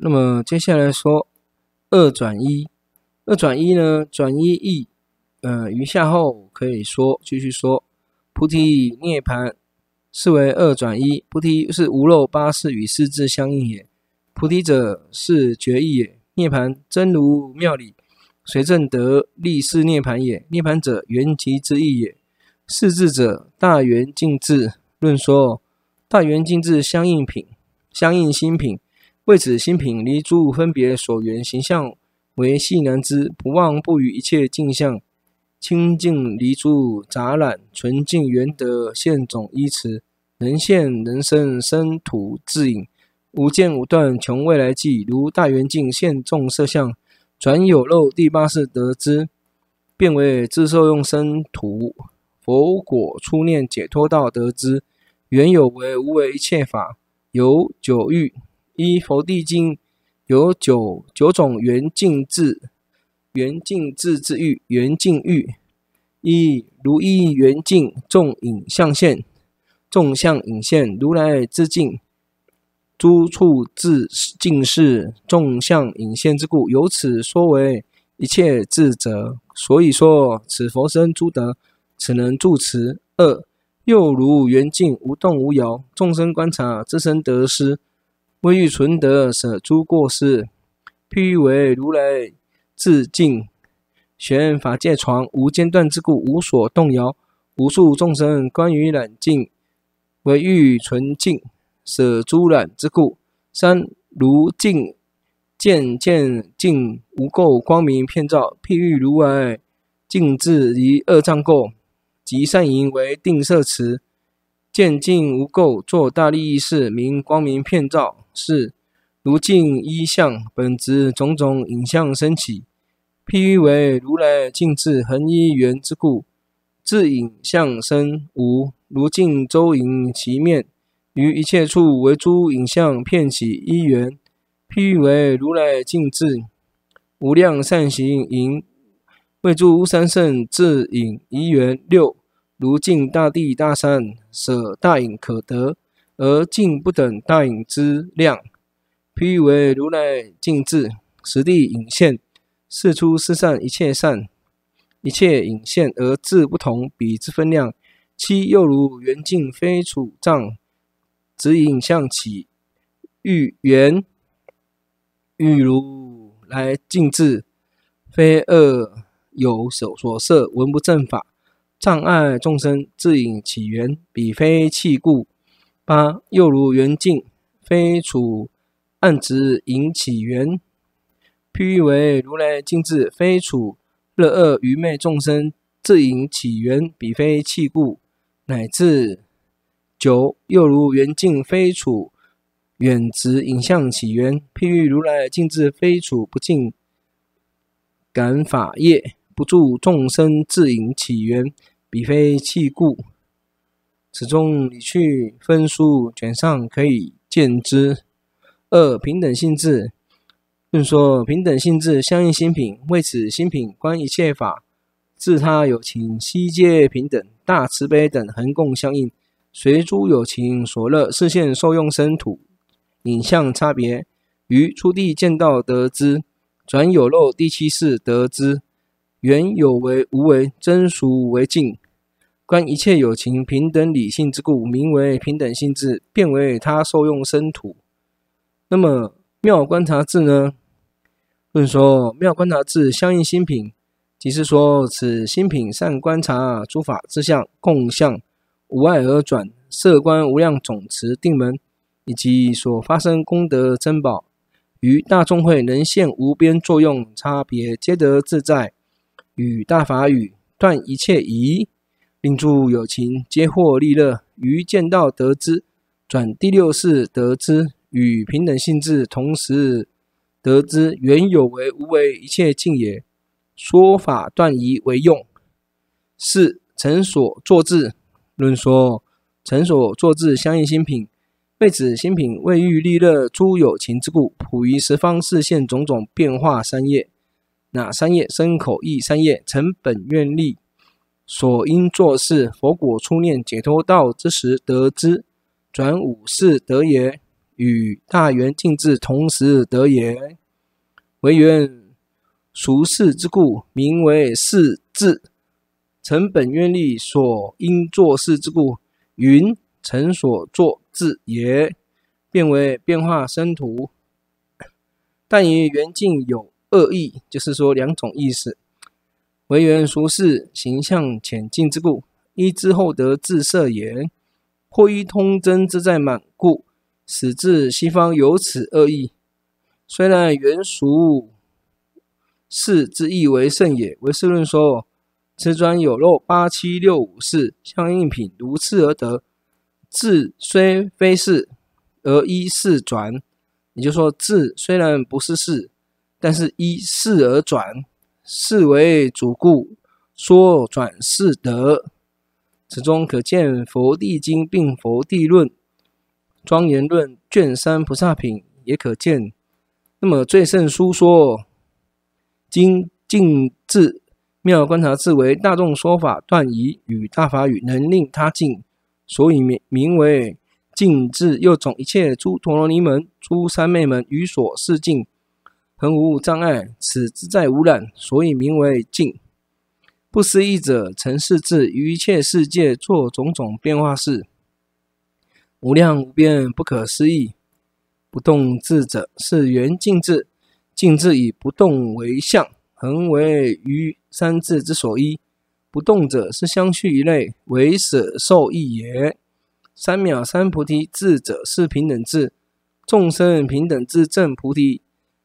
那麼接下來說二轉依，二轉依呢？轉依義，呃，餘下後可以說繼續說。菩提涅槃是為二轉依，菩提是無漏八識與四智相應也。菩提者是覺義也，涅槃真如妙理隨證得利是涅槃也。涅槃者圓寂之意也。四智者大圓鏡智論說，大圓鏡智相應品，相應心品。為此，心品離諸分別所緣行相，微細難知；不忘不與一切鏡像清淨離諸雜染，純淨圓德現種依持，能現能生、身土智影無間無斷，窮未來際。如大圓鏡現眾色相，轉有漏第八識得之，變為自受用身土佛果初念解脫道得之，原有為無為一切法，有九欲。一佛地經有九九種圓鏡智、圓鏡智之欲、圓鏡欲。一如一圓鏡，眾影像現，眾像影現。如來之鏡，諸處自淨是眾像影現之故，由此說為一切智者。所以說此佛身諸德，此能助持。二又如圓鏡無動無搖，眾生觀察自身得失。為欲純德，捨諸過失，譬喻為如來自淨，玄法界床無間斷之故，無所動搖。無數眾生觀於染淨，為欲純淨，捨諸染之故。三如淨見見淨無垢光明遍照，譬喻如來淨自於二障垢，及善淫為定攝持，見淨無垢作大利益，是名光明遍照。四如鏡一相，本執種種影像生起，譬喻為如來鏡智恆一元之故，自相無影像生。五如鏡周迎其面，於一切處為諸影像片起一元，譬喻為如來鏡智無量善行迎為諸三聖自影一元。六如鏡大地大善，捨大影可得。而鏡不等大影之量，譬喻為如來鏡智實地影現，是出是善一切善，一切影現而智不同，彼之分量。其又如圓鏡非處障，只影像起，喻圓，喻如來鏡智，非惡有手所攝，聞不正法，障礙眾生自影起源，彼非器故。八又如圓鏡非處暗直影起源，譬喻為如來鏡智非處樂惡愚昧眾生自引起源，彼非器故。乃至九又如圓鏡非處遠直影像起源，譬喻如來鏡智非處不淨感法業不住眾生自引起源，彼非器故。此中理趣分疏，卷上可以見之。二平等性智，論說平等性智相應心品，為此心品觀一切法，自他有情悉皆平等，大慈悲等恆共相應，隨諸有情所樂，示現受用身土影像差別，於初地見道得之，轉有漏第七識得之，緣有為無為，真俗為境。觀一切有情平等理性之故，名為平等性智，便為他受用生土。那麼妙觀察智呢？論說妙觀察智相應心品，即是說此心品善觀察諸法之相共相無礙而轉攝觀無量種持定門，以及所發生功德珍寶，於大眾會能現無邊作用，差別皆得自在。與大法語斷一切疑。並諸有情皆獲利樂，於見道得之，轉第六識得之，與平等性智同時得之。緣有為無為，一切境也。說法斷疑為用。四、成所作智論說，成所作智相應心品，謂此心品為欲利樂,樂諸有情之故，普於十方示現種種變化三業。哪三業？身口意三業，成本願力。所應作事，佛果初念解脫道之時得之，轉五世得也，與大圓淨智同時得也。為緣俗世之故，名為世智。成本願力所應作事之故，云成所作智也，變為變化身土。但與圓淨有二義，就是說兩種意思。為緣俗事形象淺近之故，依之後得自色也。或依通真之在滿故，始自西方有此二義。雖然緣俗事之義為勝也，唯識論說此轉有漏八七六五識相應品，如次而得。智雖非識，而依識轉。也就說智雖然不是識，但是依識而轉。是為主故說轉識得，此中可見《佛地經》並《佛地論》、《莊嚴論》卷三《菩薩品》也可見。那麼最勝書說，經淨智妙觀察智為大眾說法斷疑與大法語，能令他淨，所以名名為淨智。又總一切諸陀羅尼門、諸三昧門與所示淨。恆無障礙，此自在無染，所以名為淨。不思議者，成事智於一切世界作種種變化事，無量無邊，不可思議。不動智者是圓淨智，淨智以不動為相，恆為於三智之所依。不動者是相續一類，為捨受義也。三藐三菩提智者是平等智，眾生平等智正菩提。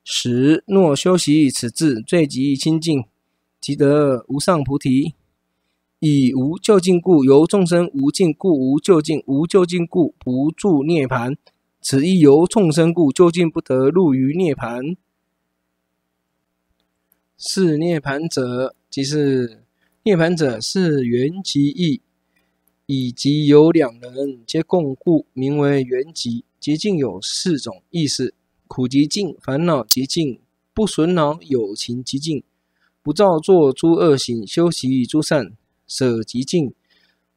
十若修習此智，最極清淨，即得無上菩提。以無究竟故，由眾生無盡故，故，無究竟，無究竟故不住涅槃。此亦由眾生故，究竟不得入於涅槃。是涅槃者，即是涅槃者是圓寂意，以及有兩人皆共故，名為圓寂。寂靜有四種意思。苦即境，煩惱即境，不損惱有情即境，不造作諸惡行，修習諸善，舍即境，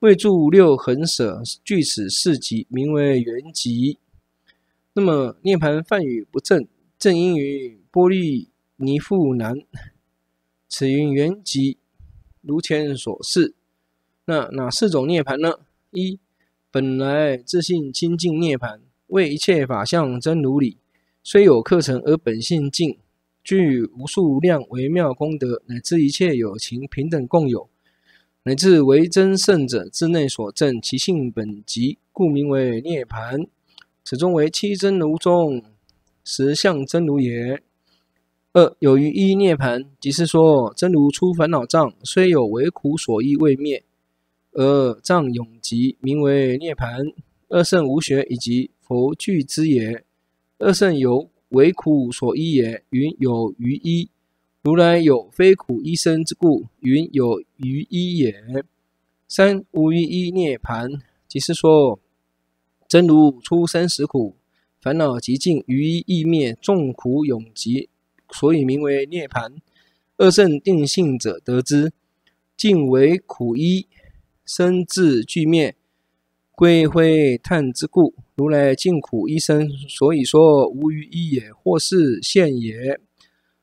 為助六恆舍，具此四極，名為圓寂。那麼涅槃梵語不正，正音於波利匿縛喃。此雲圓寂，如前所示。那哪四種涅槃呢？一本來自性清淨涅槃，為一切法相真如理。雖有客塵而本性淨，具無數量微妙功德，乃至一切有情平等共有，乃至為真聖者自內所證，其性本寂，故名為涅槃。此中為七真如中實相真如也。二有餘依涅槃，即是說真如出煩惱障，雖有為苦所依未滅，而障永寂，名為涅槃。二聖無學以及佛具之也。二乘猶為苦所依也，云有餘依；如來有非苦依身之故，云有餘依也。三無餘依涅槃，即是說真如出生死苦，煩惱既盡，餘依亦滅，眾苦永寂，所以名為涅槃。二乘定性者得之，靜為苦依，身智俱滅。歸灰探之故，如來盡苦一生，所以說無餘依也，或是現也。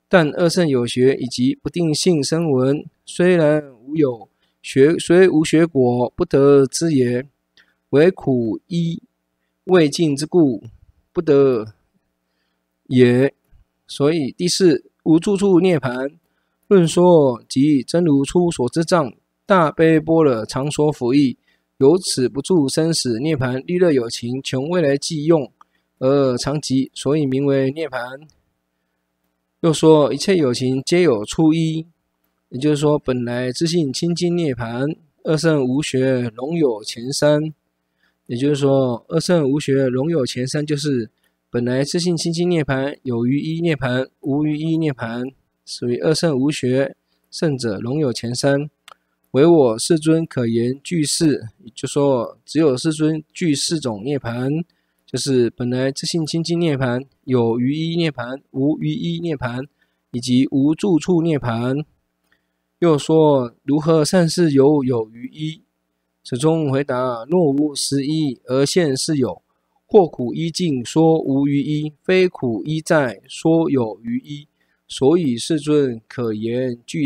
但二聖有學，以及不定性聲聞，雖然無有學，雖無學果，不得知也。唯苦一未盡之故，不得也。所以第四無住處涅槃，論說即真如出所知障，大悲般若常所輔翼。由此不住生死涅槃，利樂有情，窮未來際，用而常寂，所以名為涅槃。又說一切有情皆有初一，也就是說本來自性清淨涅槃，二乘無學，容有前三。也就是說二乘無學，容有前三，就是本來自性清淨涅槃，有餘依涅槃，無餘依涅槃，屬於二乘無學，聖者容有前三。唯我世尊可言具四，也就說只有世尊具四種涅槃，就是本來自性清淨涅槃、有餘依涅槃、無餘依涅槃以及無住處涅槃。又說如何善事有有餘依？此中回答：若無實依而現是有，或苦依盡說無餘依，非苦依在說有餘依。所以世尊可言具四。